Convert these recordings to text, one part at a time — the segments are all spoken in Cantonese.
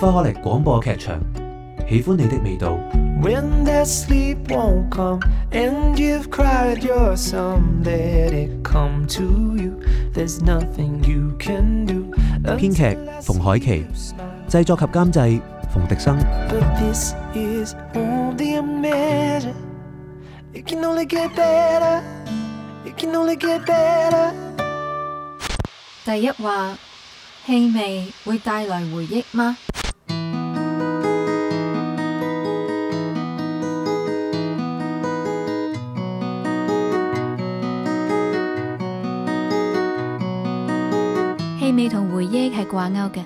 花花力廣播劇場，喜歡你的味道。編劇馮海琪，製作及監製馮迪生。But this is can only get better can only get better 第一話，氣味會帶來回憶嗎？掛鈎嘅，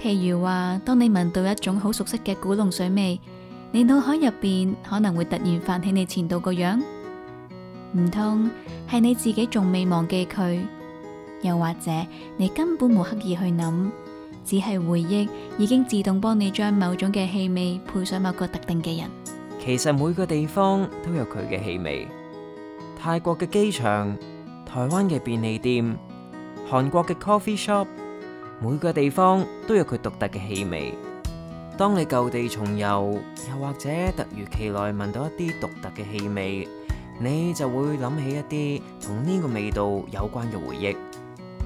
譬如話，當你聞到一種好熟悉嘅古龍水味，你腦海入邊可能會突然泛起你前度個樣，唔通係你自己仲未忘記佢，又或者你根本冇刻意去諗，只係回憶已經自動幫你將某種嘅氣味配上某個特定嘅人。其實每個地方都有佢嘅氣味，泰國嘅機場、台灣嘅便利店、韓國嘅 coffee shop。每個地方都有佢獨特嘅氣味。當你舊地重遊，又或者突如其來聞到一啲獨特嘅氣味，你就會諗起一啲同呢個味道有關嘅回憶，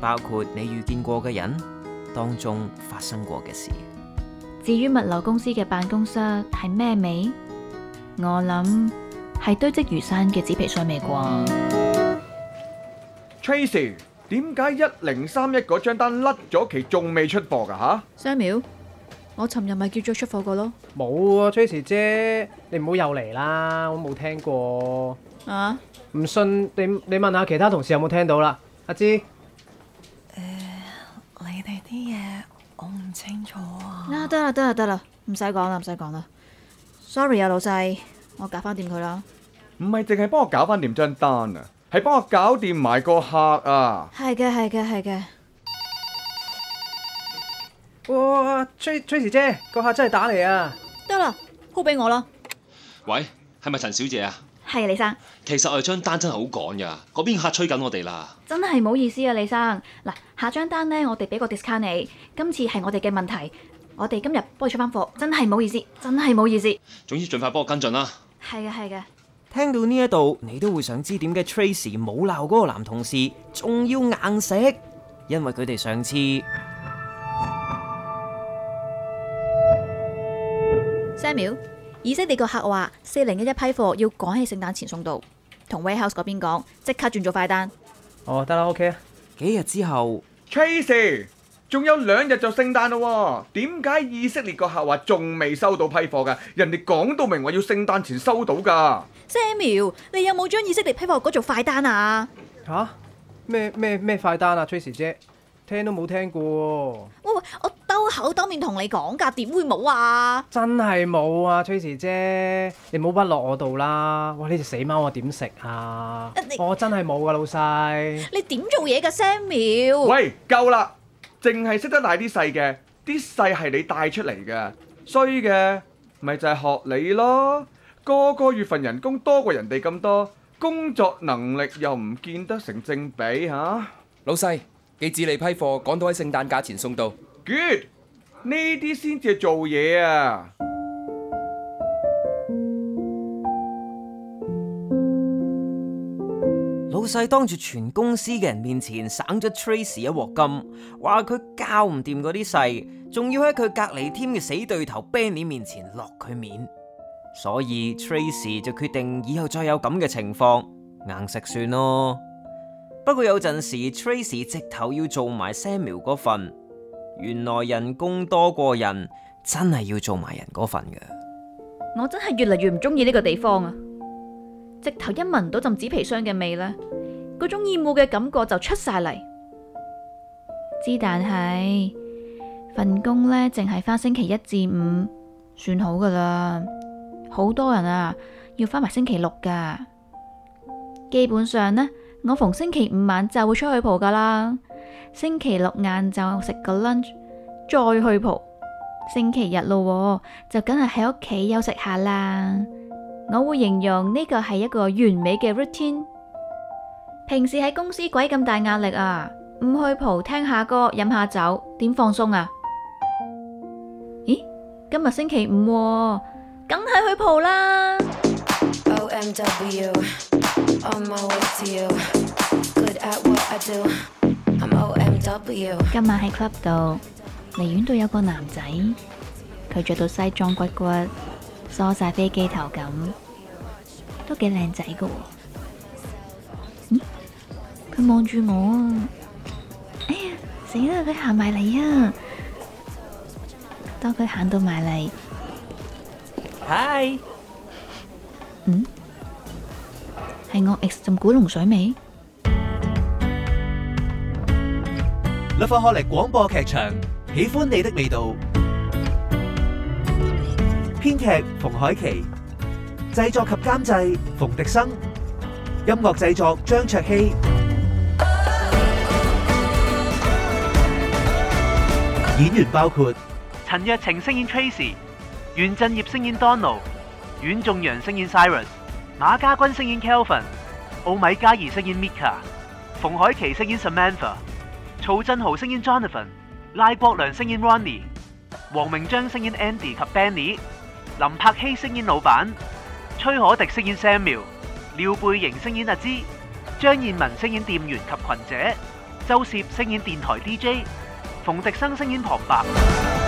包括你遇見過嘅人當中發生過嘅事。至於物流公司嘅辦公室係咩味？我諗係堆積如山嘅紙皮箱味啩。Tracy。點解一零三一嗰張單甩咗期仲未出貨噶吓？Samuel，我尋日咪叫咗出貨過咯，冇啊，Tracy 姐，你唔好又嚟啦，我冇聽過啊，唔信你你問下其他同事有冇聽到啦，阿芝，誒，你哋啲嘢我唔清楚啊，得啦得啦得啦，唔使講啦唔使講啦，sorry 啊老細，我搞翻掂佢啦，唔係淨係幫我搞翻掂張單啊。係幫我搞掂埋個客啊！係嘅，係嘅，係嘅。哇，崔崔小姐，個客真係打嚟啊！得啦，call 俾我啦。喂，係咪陳小姐啊？係啊，李生。其實我哋張單真係好趕噶，嗰邊客催緊我哋啦。真係唔好意思啊，李生。嗱，下張單呢，我哋俾個 discount 你。今次係我哋嘅問題，我哋今日幫你出翻貨，真係唔好意思，真係唔好意思。總之盡快幫我跟進啦，啊。係嘅，係嘅。聽到呢一度，你都會想知點解 Tracy 冇鬧嗰個男同事，仲要硬食，因為佢哋上次三秒，以色列個客話四零一一批貨要趕喺聖誕前送到，同 Warehouse 嗰邊講，即刻轉咗快單。哦，得啦，OK 啊，幾日之後 Tracy 仲有兩日就聖誕咯，點解以色列個客話仲未收到批貨嘅？人哋講到明話要聖誕前收到噶。Samuel，你有冇將以色列批貨改做快單啊？吓、啊？咩咩咩快單啊？Tracy 姐，聽都冇聽過。我我兜口兜面同你講噶，點會冇啊？真係冇啊，Tracy 姐，你唔好屈落我度啦。哇，呢隻死貓我點食啊？我、啊 oh, 真係冇噶，老細。你點做嘢噶，啊，Samuel？喂，夠啦！淨係識得賴啲細嘅，啲細係你帶出嚟嘅衰嘅，咪就係學你咯。個個月份人工多過人哋咁多，工作能力又唔見得成正比嚇、啊。老細，幾子你批貨，趕到喺聖誕假前送到。Good，呢啲先至係做嘢啊！老細當住全公司嘅人面前，省咗 Tracy 一鑊金，話佢交唔掂嗰啲細，仲要喺佢隔離 team 嘅死對頭 Benny 面前落佢面，所以 Tracy 就決定以後再有咁嘅情況硬食算咯。不過有陣時 Tracy 直頭要做埋 Samuel 嗰份。原來人工多過人，真係要做埋人嗰份嘅。我真係越嚟越唔中意呢個地方啊！直頭一聞到陣紙皮箱嘅味咧，嗰種厭惡嘅感覺就出晒嚟。之但係，份工呢淨係返星期一至五算好噶啦，好多人啊要返埋星期六噶。基本上呢，我逢星期五晚就會出去蒲噶啦，星期六晏晝食個 lunch 再去蒲，星期日咯就梗係喺屋企休息下啦。我會形容呢個係一個完美嘅 routine。平時喺公司鬼咁大壓力啊，唔去蒲聽下歌飲下酒點放鬆啊？咦，今日星期五，梗係去蒲啦！今晚喺 club 度，離遠度有個男仔，佢着到西裝骨骨，梳晒飛機頭咁。都幾靚仔噶，嗯，佢望住我，哎呀，死啦！佢行埋嚟啊！當佢行到埋嚟，hi，嗯，係我 X 浸古龍水味。樂發學嚟廣播劇場，喜歡你的味道，編劇：馮海琪。製作及監製馮迪生，音樂製作張卓希。 演員包括陳若情飾演 Tracy，袁振業飾演 Donald，阮仲陽飾演 Siren，馬家軍飾演 Kelvin，奧米加兒飾演 Mika，馮海琪飾演 Samantha，曹振豪飾演 Jonathan，賴國良飾演 Ronnie，黃明章飾演 Andy 及 Benny，林柏希飾演老闆。崔可迪飾演 Samuel，廖貝瑩飾演阿芝，張燕文飾演店員及群姐，周攝飾演電台 DJ，馮迪生飾演旁白。